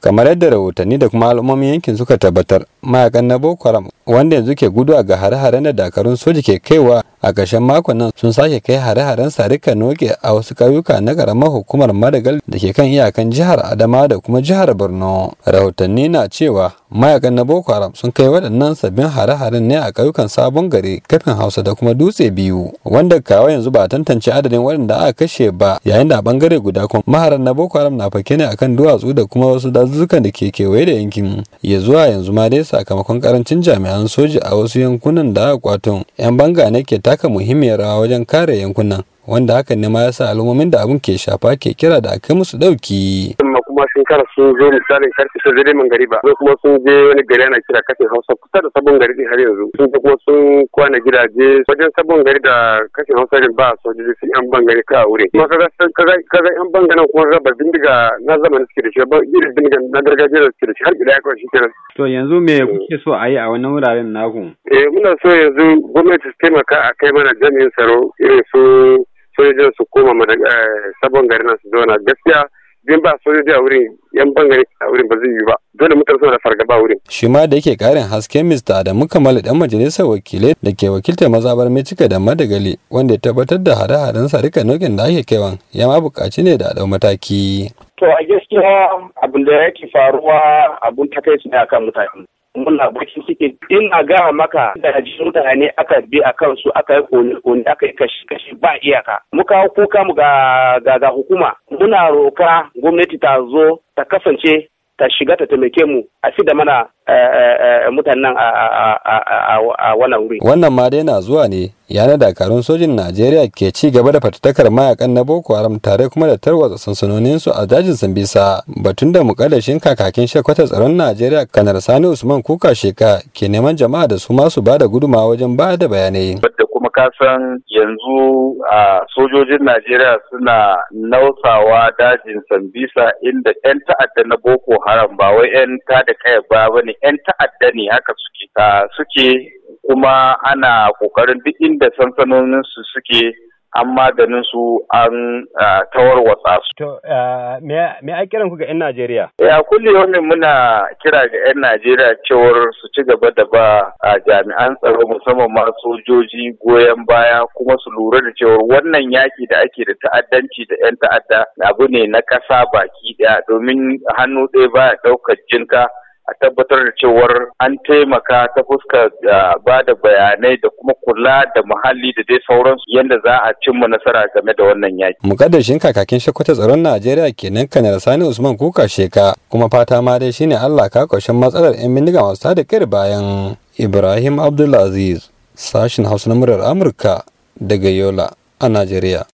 kamar yadda rahotanni da kuma al'ummomin yankin suka tabbatar mayakan na boko haram wanda yanzu ke gudu ga hare hare na dakarun soji ke kaiwa a ƙarshen makon nan sun sake kai hare-haren sarika noke a wasu ƙauyuka na ƙaramar hukumar madagal da ke kan iyakan jihar adama da kuma jihar borno rahotanni na cewa mayakan na boko haram sun kai waɗannan sabbin hare-haren ne a ƙauyukan sabon gari kafin hausa da kuma dutse biyu wanda kawai yanzu ba tantance adadin waɗanda aka kashe ba yayin da a ɓangare guda kuma maharan na boko haram na fake ne akan duwatsu da kuma wasu dazuzzukan da ke kewaye da yankin ya zuwa yanzu ma dai sakamakon karancin jami'an soja a wasu yankunan da akwaton yan banga ne ke taka muhimmiyar rawa wajen kare yankunan wanda hakan ne ma ya sa al'ummomin da abun ke shafa ke kira da a kai musu dauki kuma sun kara sun zo misalin karfe sun zai mangari ba ko kuma sun je wani gari ana kira kashe hausa kusa da sabon gari har yanzu sun je kuma sun kwana gidaje wajen sabon gari da kashe hausa din ba sojoji sun yan bangare ka wuri kuma kaga kaga yan bangaren kuma raba bindiga na zamani suke da shi ba irin bindiga na gargajiya da suke da shi har gida ya kawai shi kenan. to yanzu me mm. kuke so a yi a wannan wuraren naku. eh muna so yanzu gwamnati su taimaka a kai mana jami'in tsaro irin su sojojin su koma eh, sabon gari na su zauna gaskiya din ba sojoji da wurin yan bangare a wurin ba zai yi ba dole mutane suna da fargaba wurin shi ma da yake karin hasken Mr. Adamu Kamal dan majalisar wakilai da ke wakiltar mazabar Micika da Madagali wanda ya tabbatar da hare-haren sarika nokin da ake kaiwan ya ma bukaci ne da a mataki to a gaskiya abin da yake faruwa abun takaici ne akan mutane muna bakin ciki ina gaya maka da mutane aka bi a kansu aka yi kone kone aka yi kashi kashi ba iyaka muka kuka mu ga ga hukuma muna roka gwamnati ta zo ta kasance ta shiga ta taimake mu a da mana eh, eh, eh, mutanen a wannan wuri. Wannan ma dai na zuwa ne yana dakarun sojin Najeriya ke ci gaba da fatattakar mayakan na Boko Haram tare kuma da tarwatsa sansanoninsu a dajin Sambisa batun da mukaddashin kakakin shekwatar tsaron Najeriya kanar Sani Usman Kuka Sheka ke neman jama'a da su masu ba da gudumawa wajen ba da bayanai. kasan yanzu a sojojin Najeriya suna nausawa dajin Sambisa inda 'yan ta'adda na Boko Haram ba wai 'yan da kaya ba ne 'yan ta'adda ne haka suke suke kuma ana kokarin duk inda sansanoninsu suke an maganin su an tawar watsa su. To, me eh, a kiran ga 'yan Najeriya? Ya kulle wannan muna kira ga 'yan Najeriya cewar su ci gaba da ba a jami'an tsaro musamman ma sojoji goyon baya kuma su lura da cewar wannan yaki da ake da ta'addanci da 'yan ta'adda abu ne na ƙasa baki ɗaya domin hannu ɗaya baya ɗaukar jinka. a tabbatar da cewar an taimaka ta fuskar ba da bayanai da kuma kula da muhalli da dai sauransu yadda za a cimma nasara game da wannan yaki. Mukaddashin kakakin shakwata tsaron Najeriya kenan kanar Sani Usman Kuka Sheka kuma fata ma dai shine Allah ka ƙarshen matsalar 'yan bindiga masu tada kir bayan Ibrahim Abdulaziz sashin Hausa na murar Amurka daga Yola a Najeriya.